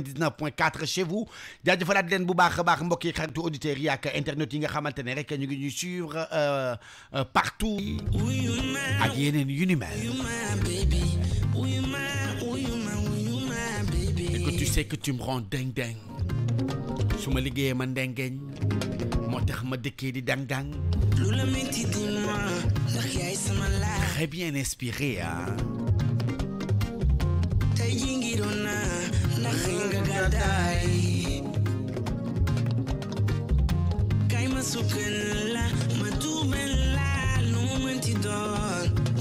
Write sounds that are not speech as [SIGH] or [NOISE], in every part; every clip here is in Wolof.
99.4 chez vous jaajëfalaat leen bu baax a baax mbokk yi xaritu yi ak internet yi nga xamantene rek ñu ngi ñu suivre euh, euh, partout ak yeneen yu ni mel et que tu sais que tu me rends ding ding. su ma liggéeyee ma ndengeñ moo tax ma dëkkee di dang dang très bien inspiré hein. ringa Gadai. to die la matumen la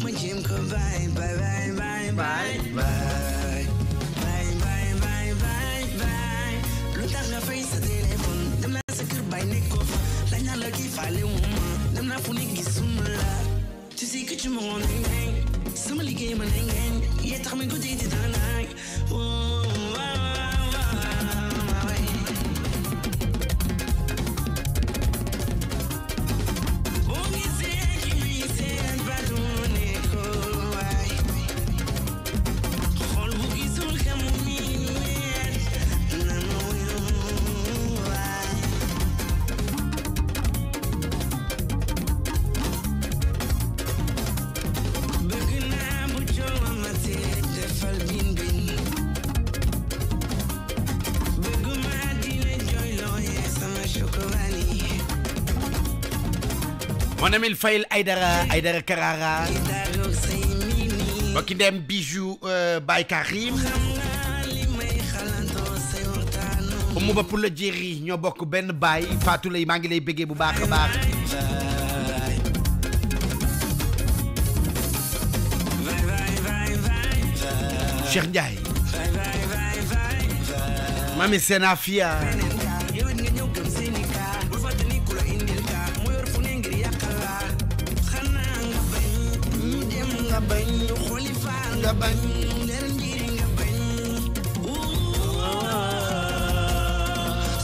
Majem ka bye bye bye bye bye bye Bye bye bye bye bye Lutar la fay sa Dem la sekir bay ne kofa Dem la mon ay dara ay Aydara Karara mbokki dem bijou euh, Baye Karim umu ba pour la jéri ñoo bokk benn baay Fatou lay maa ngi lay bëggee bu baax a baax Cheikh Ndiaye mami Sena Fia bañ xuli faal nga bañ leer njiri nga bañ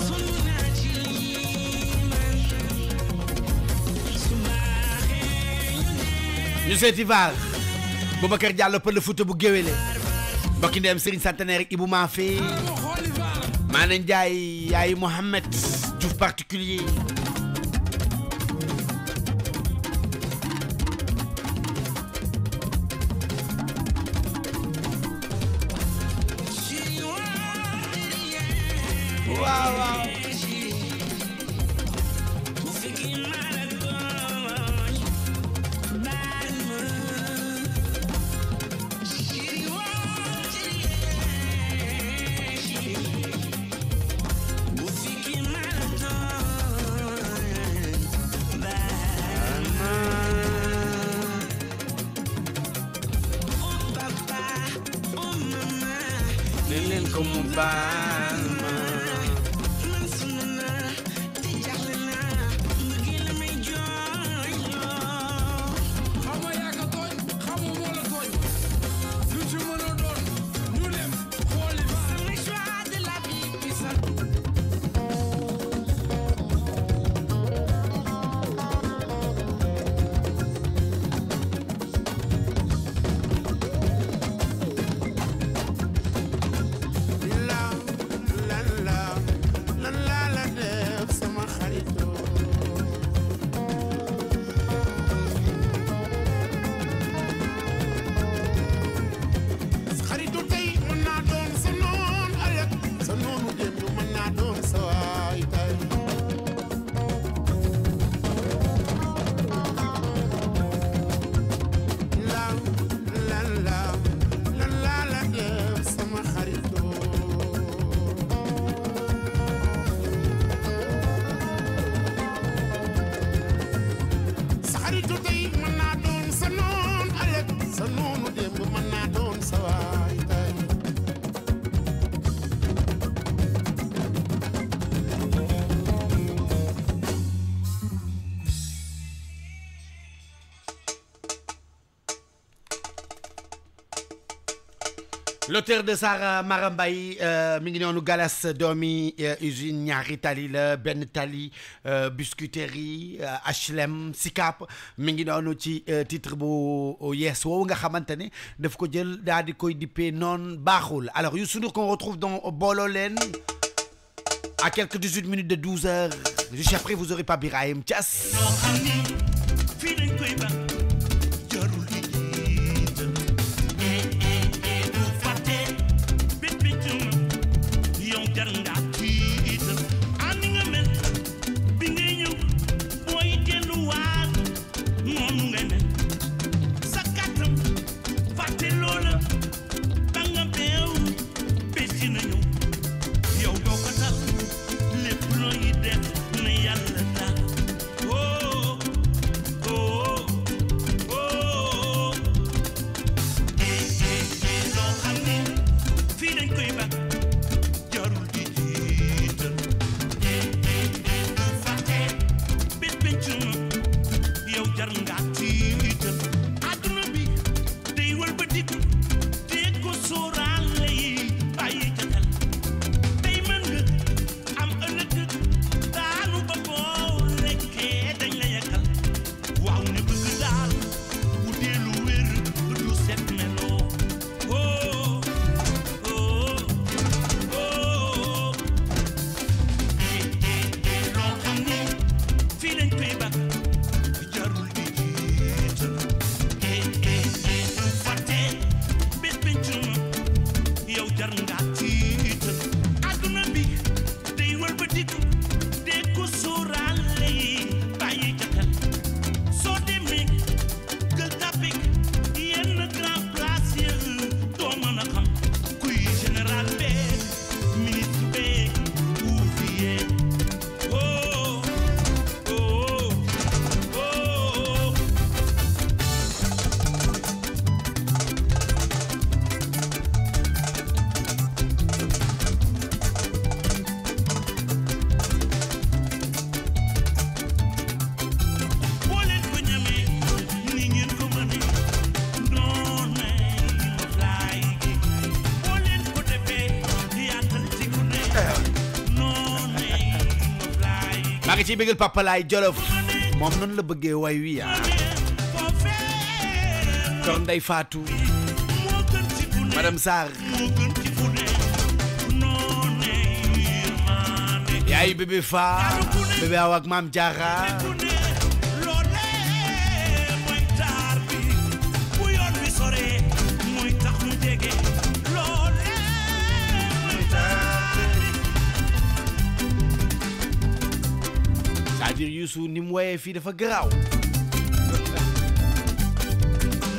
sun naa ci lii man su baaxee ñu seeti vaar Boubacar Diallo pël Fuuta bu géwéle mbokki ndeem Serigne Centenaire Ibou Mafé maa nañ jaay yaayu Mohamed Diouf particulier notaire de Sarah Mara euh nous galas dormi, usine euh, ñaari tali la Ben tali euh, biscuiterie HLM euh, Sikap, mi ngi ci titre bu oh Yes, wo nga xamante ne daf ko jël dal di koy dippee non baxul alors you Ndour qu'on retrouve dans Bololen, à quelques 18 minutes de 12 heures juste après vous aurez pas Birahim Thiass Dun, dun, ngi ciy bëggal Papa Jolof moom noonu la bëggee way wi ah kon Ndeye Fatou madame Sarr yaayu bébé Fa bébé Awa ak maam Diarra dire Youssou ni mu woyee fii dafa garaaw.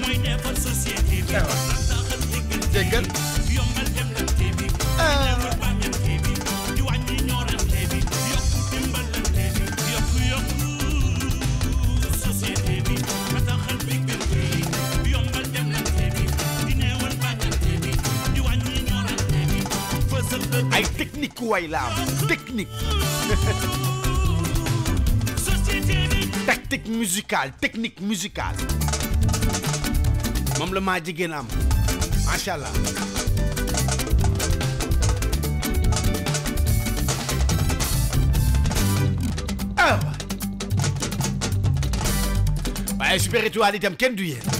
muy defar société bi. dégg ay technique way la am technique [LAUGHS] Technique musicale technique musicale moom le maa jigéen am macha allah. Ah. waaye spiritualité am ce du yéen.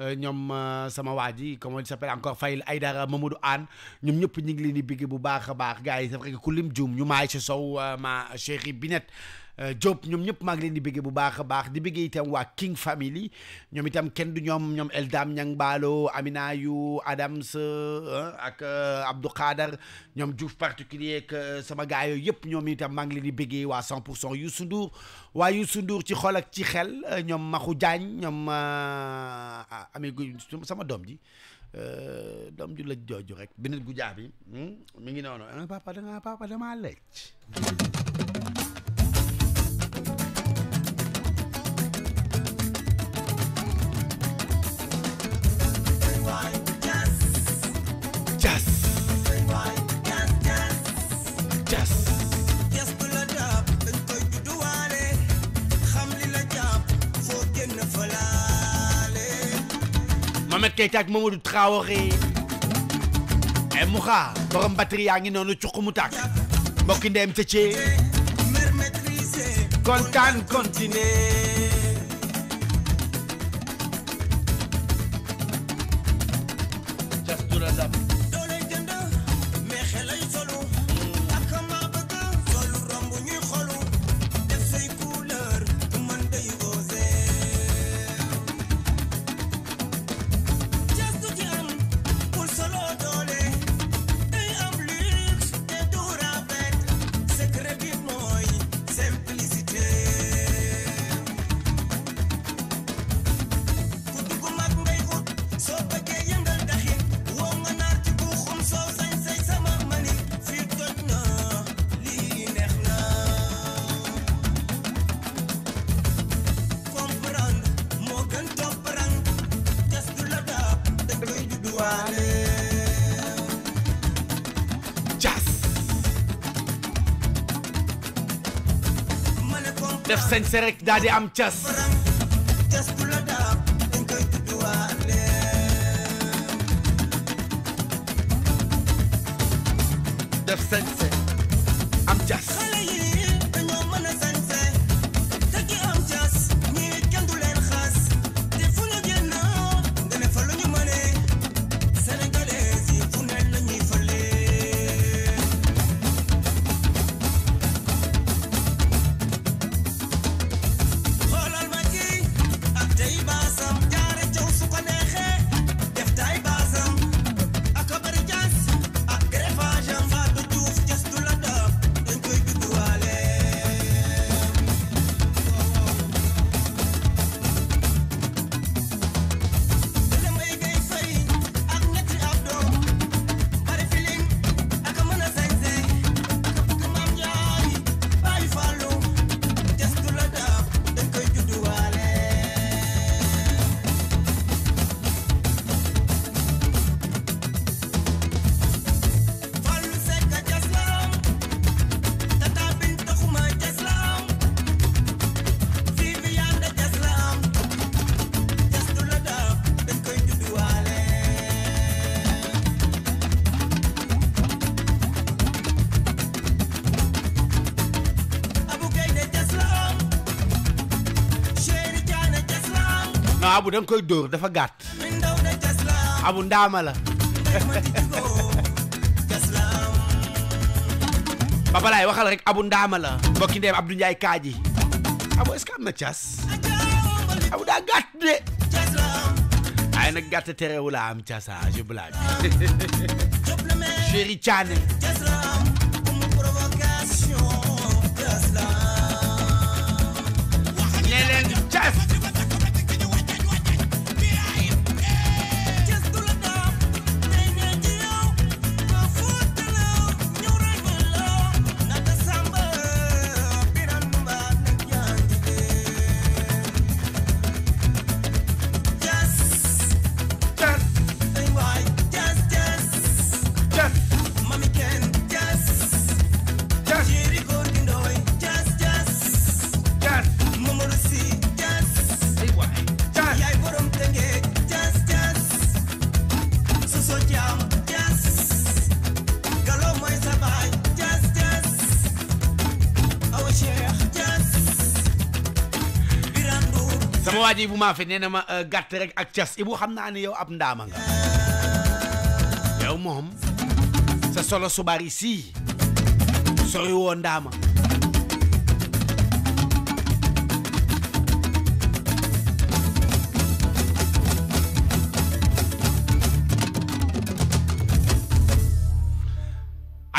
Euh, ñoom euh, sama waa ji comment il s'appelle encore Fayil Aydara Mamadou Anne ñoom ñëpp ñu ngi leen di bigg bu baax a baax gars yi c'est vrai que ku lim juum ñu maay si sow euh, ma chéri Binette Euh, Diop ñom ñep maa ngi leen di bëggee bu baaxa baax di bëggee itam wa King Family ñom itam kenn du ñom ñom Eldam Ñang balo Amina yu Adams euh, ak euh, Abdou Khader ñoom Diouf particulier ak sama gars yooyu yëpp ñoom itam maa ngi leen di bëggee wa 100 Youssou Ndour Youssou Ndour ci xol ak ci xel ñom Makhu Diagne ñom ah, amé sama dom ji dom ju laj jooju rek beneen gu jaa bi mi ngi nono papa ah, nga papa dama lecc Mohamed Keita ak Mamadou Traoré eh, ay borom batterie yaa ngi noonu cuq mu tàkk mbokki ndeem sañse rek daal di am cas abu da nga koy dóor dafa gàtt abu ndaama la babalaay [LAUGHS] abu ndaama la mbokki ndeem Abdou Kaaji abu est-ce cas abu daa gàtt de waaye nag gàtt terewu laa am cas ah je blague [LAUGHS] chéri Thiané ne leen cas xadi bu maa fi nee na ma euh, gàtt rek ak cas ibu xam naa ne yow ab ndaama nga yow moom sa solo subaar yi sii sori woo ndaama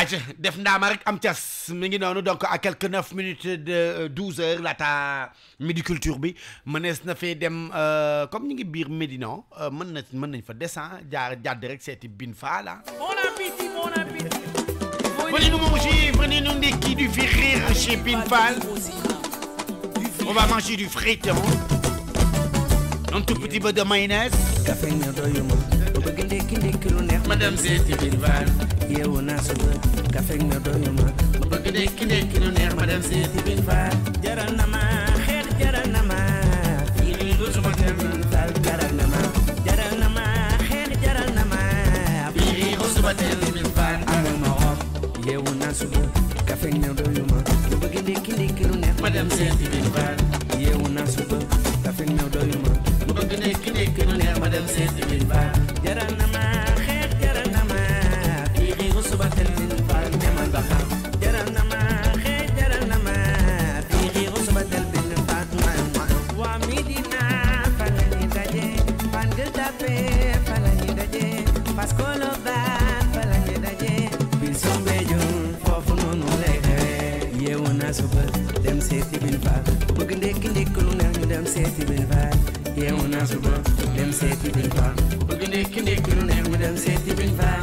aj def rek am donc à quelques neuf minutes de 12 euh, heures laata midi culture bi menes na dem euh, comme ni ngi men euh, na men nañ fa descend jaar jadd rek bin là ah. bon appétit bon venez nous manger venez nous du chez Bin hein. on va manger du frites, un tout petit peu de mayonnaise ndékki ndékki lu neex ma dem seeti biir van yeewu naa suba kafe na doyuma ma bëgg ndékki ndékki lu neex ma dem seeti biir van jaral na ma xeex jaral na ma yi li dusuma dem dal jaral na ma jaral na ma xeex jaral na ma bi yi dusuma dem biir van ana ma xof yeewu naa suba kafe na doyuma ma bëgg ndékki ndékki lu neex ma dem seeti biir van yeewu naa suba kafe na doyuma ma bëgg ndékki ndékki lu neex ma dem seeti biir van seeti biir baar yeewu naa suba dem seeti biir baar bëgg ndékki ndékki lu neex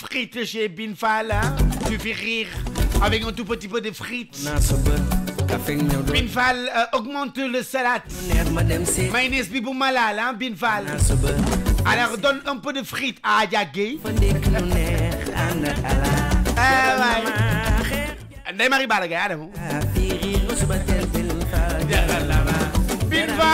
frites chez BINFAL, hein. Tu fais rire avec un tout petit peu de frites. Binfal euh, augmente le salade. Mayonnaise bibou hein, Binfal. Alors donne un peu de frites à Ayagé. Eh, Ndeye Binfal.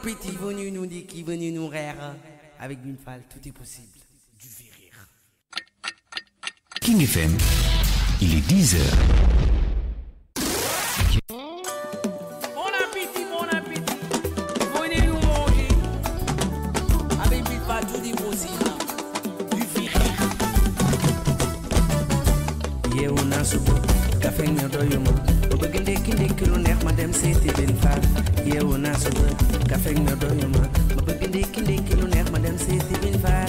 Bon appétit, venu nous dit qui venu nous rire. Avec une fale, tout est possible. Du férir. fait, il est 10h. Bon appétit, bon appétit. Venez nous manger. Avec une fale, tout est possible. Du férir. Hier, on a ce café, on a bëgg ndékki ndékki lu neex ma dem seeti bin faal yeewu naa suba kafeeg na doyuma ma bëgg ndékki ndékki neex ma dem seeti bin faal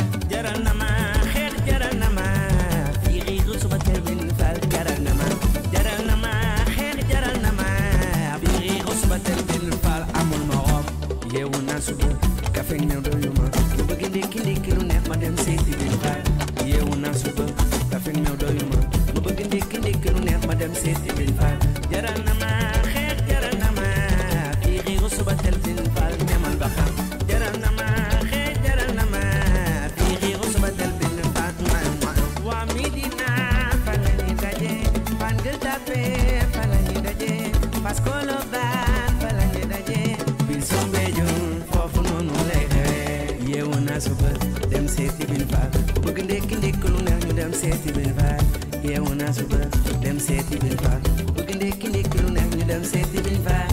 seeti Ibel Fall yeewu naa suba dem seeti Ibel Fall bu bëgg ndekki ndekki lu neex ñu dem seeti Ibel Fall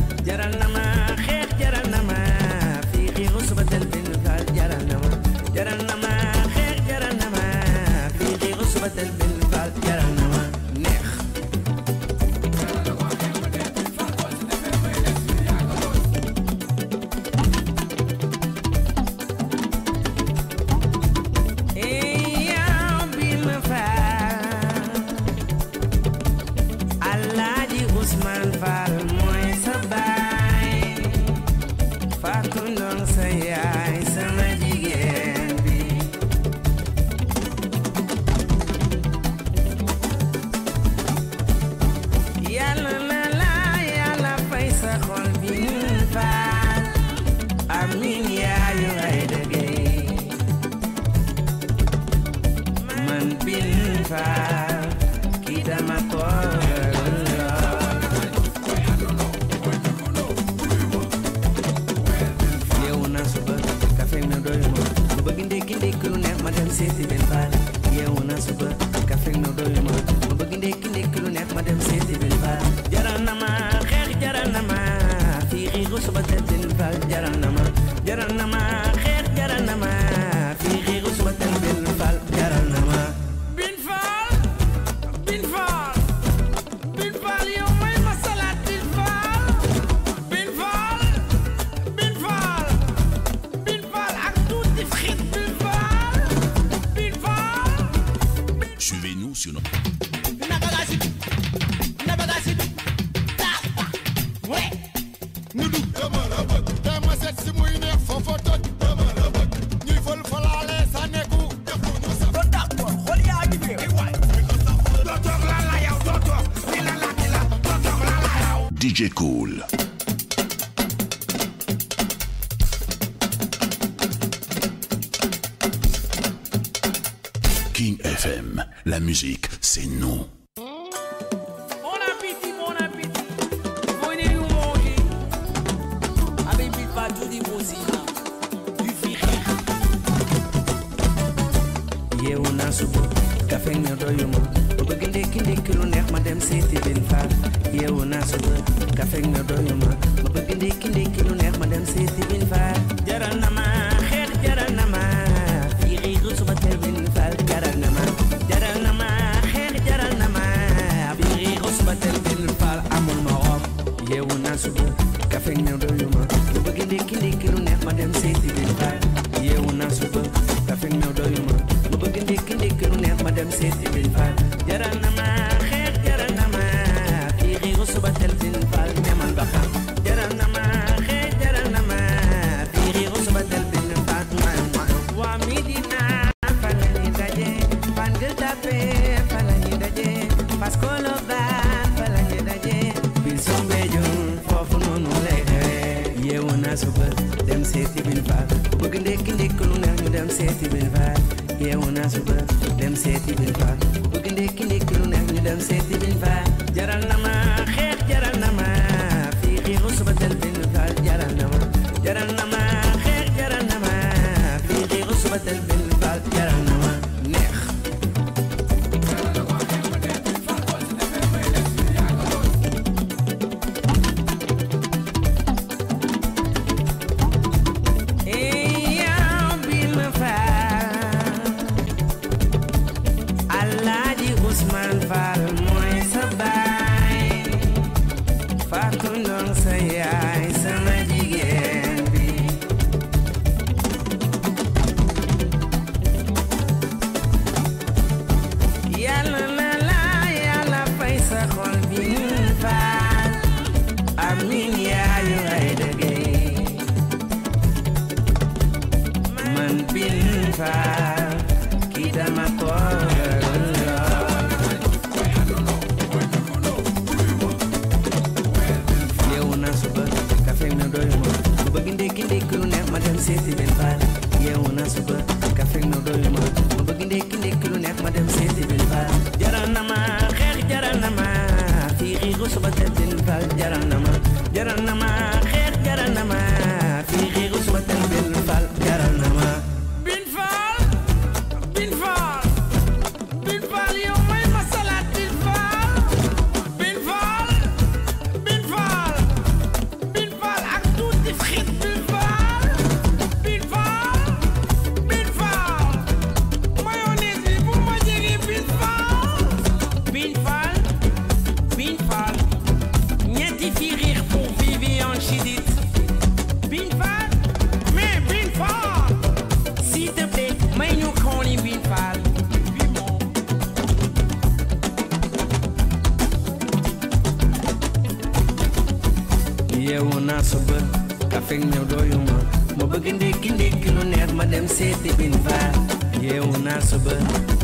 Cool. King FM, la musique, c'est nous. café new doyu ma bu bëgg ndékki neex ma dem seeti bi baay yeewu naa suba café new doyu ma bëgg ndékki neex ma dem seeti bi baay jaral xeex jaral na ma fii xiiru suba seeti Bel Fall yeewu naa suba dem seeti Bel Fall bëgg ndekki ndekki lu neex ñu dem seeti sí, sí.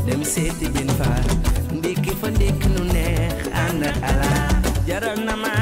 dem seeti jën faal ndékki fa ndékk nu neex ànd ak ala jaral na ma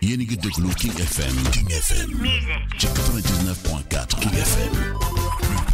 Yenig de a King FM. King FM. Musique. 99.4 King FM.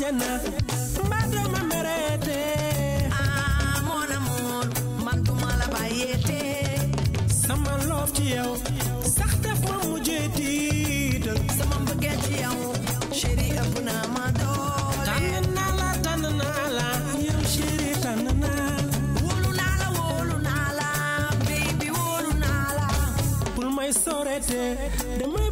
àjjana mbaa doo ma mereete ah mon amour man du ma la sama loof ci yow sax def ma mujjee sama mbëggeel ci yow chéri ëpp naa ma doole tànn naa la tànn naa la yow chéri tànn naa wóolu naa la wóolu naa la baby wóolu naa la bul may soreete damay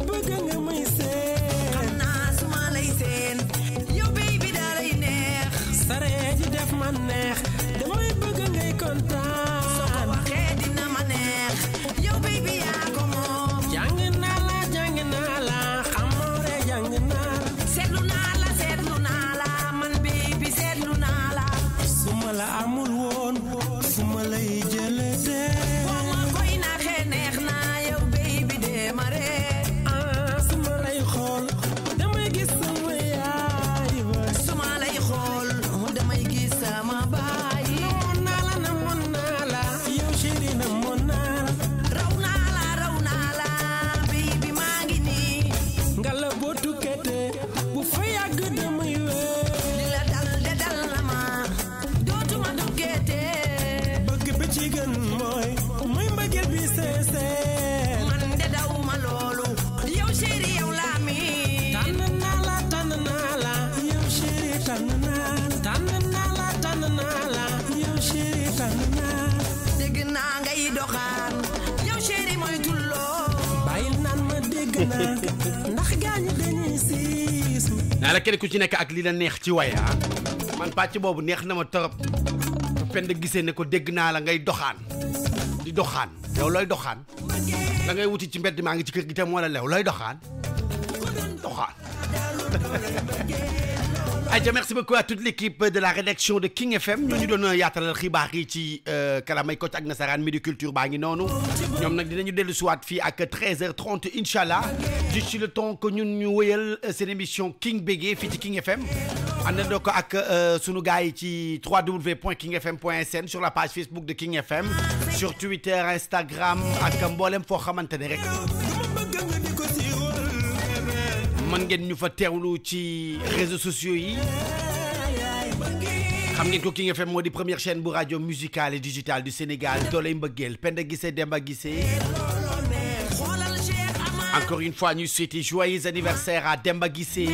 naa la kenn ku ci nekk ak lii la neex ci waye ah. man pàcc boobu neex na ma torop bu pend gisee ne ko dégg naa la ngay doxaan di doxaan yow looy doxaan da wuti ci mbedd maa ngi ci kër gi tam wala lew looy doxaan doxaan [LAUGHS] merci beaucoup à toute l'équipe de la rédaction de King FM Nous nous donnons yaatalal xibaar yi ci euh, kalamay Kocc ak midi culture baa ngi Nous ñoom nag dinañu dellu suwat fi ak 13h30 Inshallah, allah le temps que ñun ñu wëyel euh, seen émission King Bégué fi ci King FM àndandoo ko ak euh, sur ci www.kingfm.sn sur la page Facebook de King FM sur Twitter Instagram ak mboolem fo xamantene rek man ngeen ñu fa teewlu ci réseaux sociaux yi xam ngeen ko King FM moo di première chaîne bu radio musicale et digitale du Sénégal dooley mbëggeel Penda Guissé Demba Guissé encore une fois ñu souhaiter joyeux anniversaire à Demba Guissé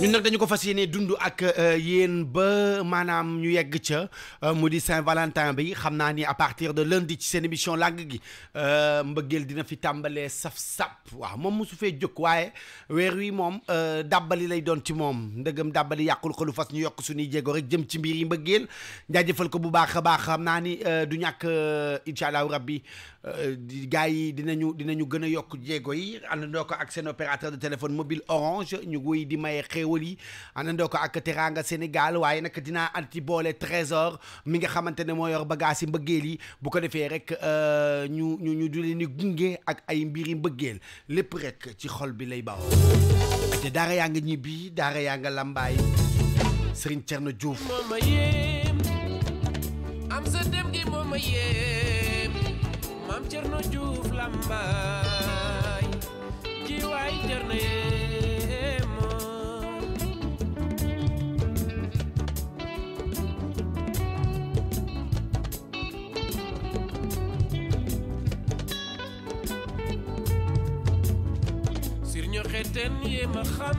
ñun nag dañu ko fas yéene dund ak euh, yéen ba maanaam ñu yegg ca euh, mu di Saint-Valentin bi xam naa ni à partir de lundi ci seen émission langue gi euh, mbëggeel dina fi tàmbalee saf-sap waaw moom mosu fee jóg waaye weer wii moom dàbbali lay doon ci moom ndëgam dàbbali yàqul xolu fas ñu yokk suñuy jéego rek jëm ci mbir yi mbëggeel jaajëfal ko bu baax a baax xam naa ni du ñàkk incha allahu rabbi gars yi dinañu dinañu gën a yokk jéego yi àndandoo ko ak seen opérateur de téléphone mobile orange ñu wuy di maye xéewal yi àndandoo ko ak Teranga Sénégal waaye nag dinaa at ci boole trésor mi nga xamante ne moo yor bagaas yi mbëggeel yi bu ko defee rek euh, ñu ñu ñu du leen di gunge ak ay mbir mbiri mbëggeel lépp rek ci xol bi lay bawoo te daara yaa nga ñibbi daara yaa nga lambaay Serigne Thierno Diouf. am sa dem gi moom a yee Mam Cerno Juuf Lambaay ji waay Cerno yeemo sirño xeten yeema xam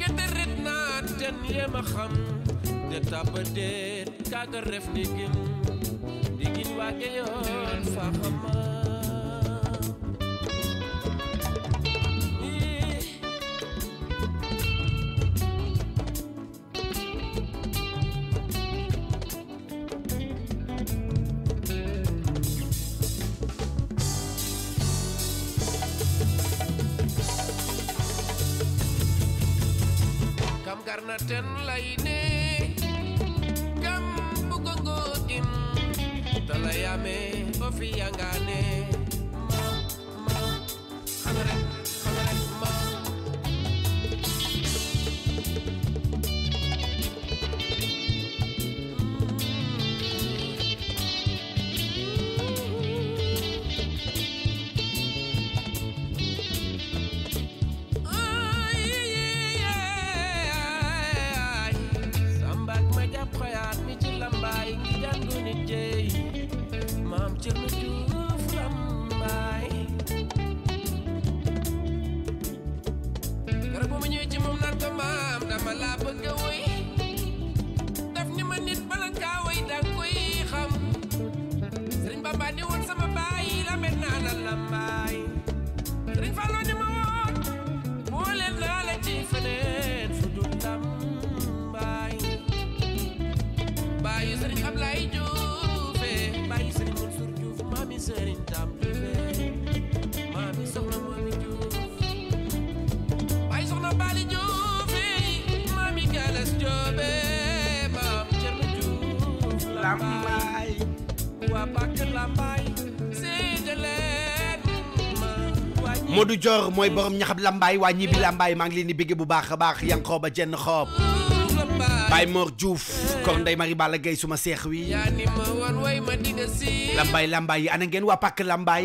gete ret naat ten yeema xam de taba deet kaaga ref ni gin ligin wage yoon fa Karena ten lainnya fi yangane Modou Dior mooy borom ñaxab lambaay waa ñibbi lambaay maa ngi leen di bégge bu baax a baax yanqoo ba jenn xoob Baye Mor Diouf kor Ndeye Marie Balla Gueye suma seex wi lambaay lambaay yi ana ngeen waa pàkk lambaay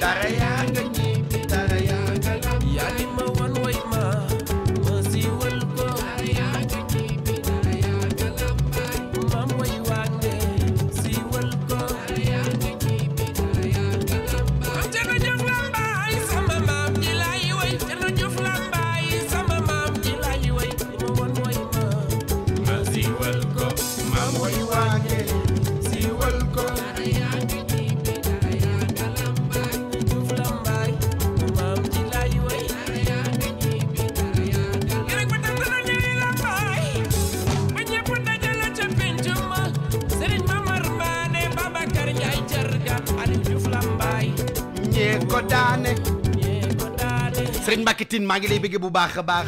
Daraya. Tine maa ngi lay bëgg bu baax a baax.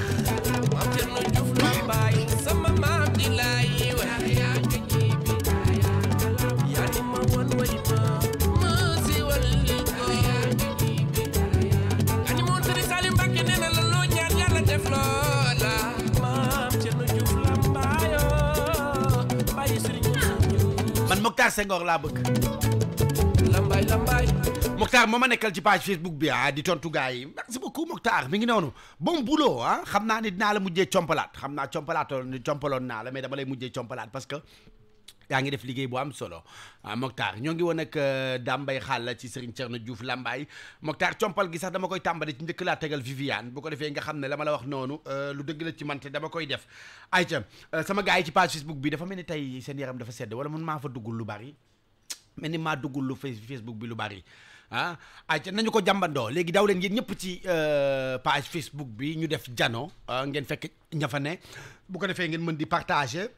Mokhtar Senghor laa bëgg lambay lambay Mokhtar moo ma nekkal ci page Facebook bi ah di tontu gars yi merci Muxtaar mi ngi noonu bon boulot ah xam naa ni dinaa la mujjee compalaat xam naa compalaatoo ni compaloon naa la mais dama lay mujjee compalaat parce que yaa ngi def liggéey bu am solo ah Mokhtar ñoo ngi woon ak euh, Dambay xaal ci Serigne Thierno Diouf Lambaye Mokhtar compal gi sax dama koy tàmbali ci njëkk laa tegal Viviane bu ko defee nga xam ne la ma la wax noonu euh, lu dëgg la ci man te dama koy def. ayca euh, sama gars yi ci page Facebook bi dafa mel ni tey seen yaram dafa sedd wala mun maa fa duggul lu bari mel ni maa duggul lu Facebook bi lu bari. ah ayca nañu ko jàmbandoo léegi daw leen yéen ñëpp ci euh, page Facebook bi ñu def jano ah, ngeen fekk ña fa ne bu ko defee ngeen mën di partager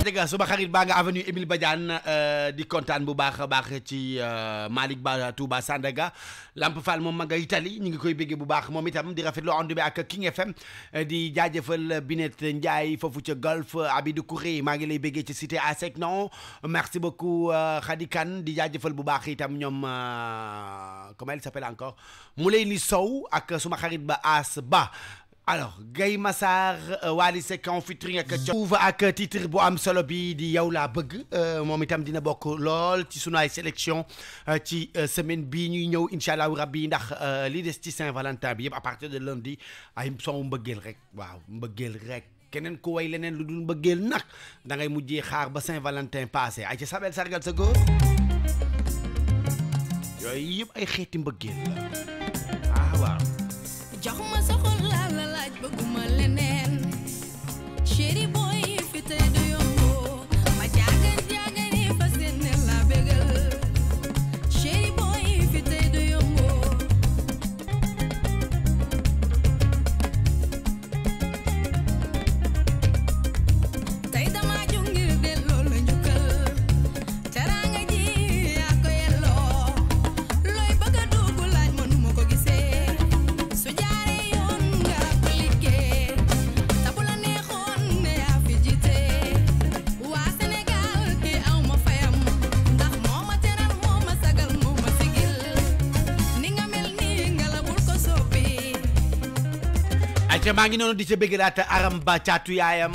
dëgg suma xarit baa nga avenue Émile Badiane euh, di kontaan bu baax a baax ci euh, Malick baa Touba Sandaga Lamp Fall moom ma nga Italie ñu ngi koy béggee bu baax moom itam di rafetlu ànd bi ak King FM euh, di jaajëfal Binet Ndiaye foofu ca Golf Abidou Kouré maa ngi lay béggee ci cité ASEC non merci beaucoup Khady di jaajëfal bu baax itam ñoom comment il s'appelle encore Moulay Li Sow ak suma xarit ba As Ba alors Gay Massar euh, Wally Seck en featuring ak ak titre bu am solo di euh, dina sélection euh, semaine bii ñuy ñëw Saint-Valentin à partir de lundi ay son mbëggeel rek waaw mbëggeel rek keneen ku way leneen lu da ngay Saint-Valentin passé aca maa ngi noonu di ca bëggalaata aram ba caatu yaayam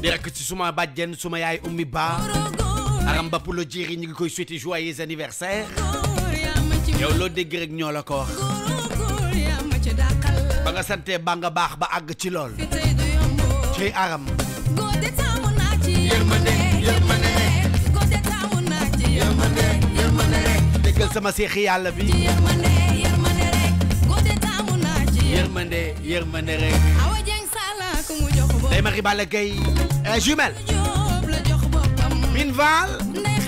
di rek ci suma bàjjen suma yaay ummi ba aram ba pour le jiri ñu ngi koy suuti joyeux anniversaire yow loo dégg rek ñoo la ko wax ba nga sante ba nga baax ba àgg ci lool ci aram yërmande yërmande yërmande déggal sama seexi yàlla bi yërmande yërmande rek. day mari Balla Gaye jumel. Minval. day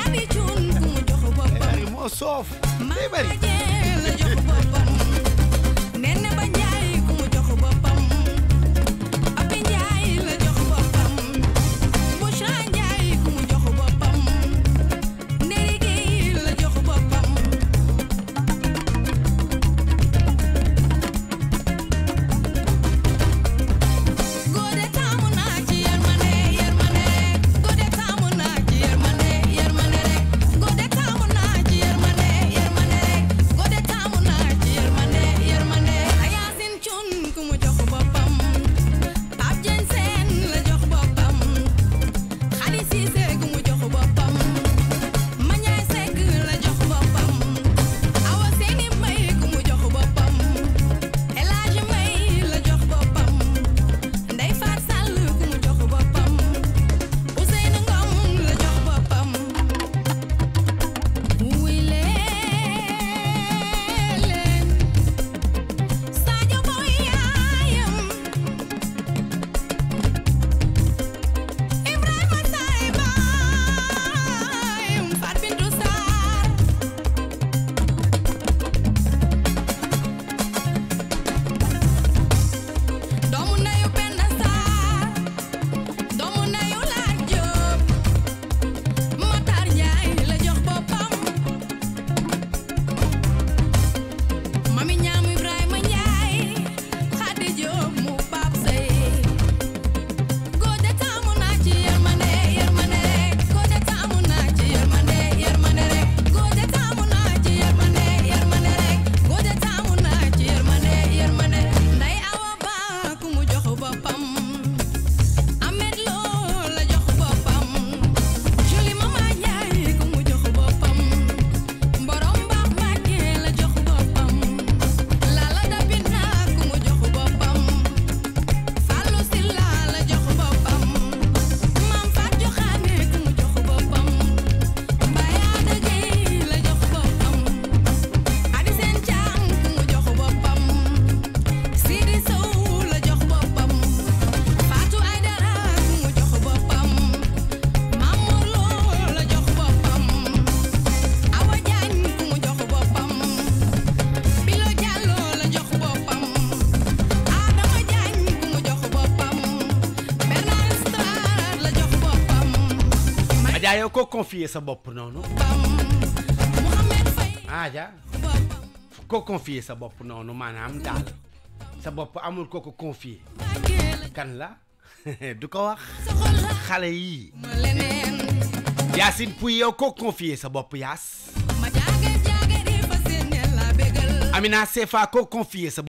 mari moo soof day mari. ko confier sa bopp noonu aaja ko confier sa bopp noonu maanaam daal sa bopp amul ko ko confier kan la [LAUGHS] du ko wax xale yii yaasin puy ko confier sa bopp yaas amina sefa ko confier sa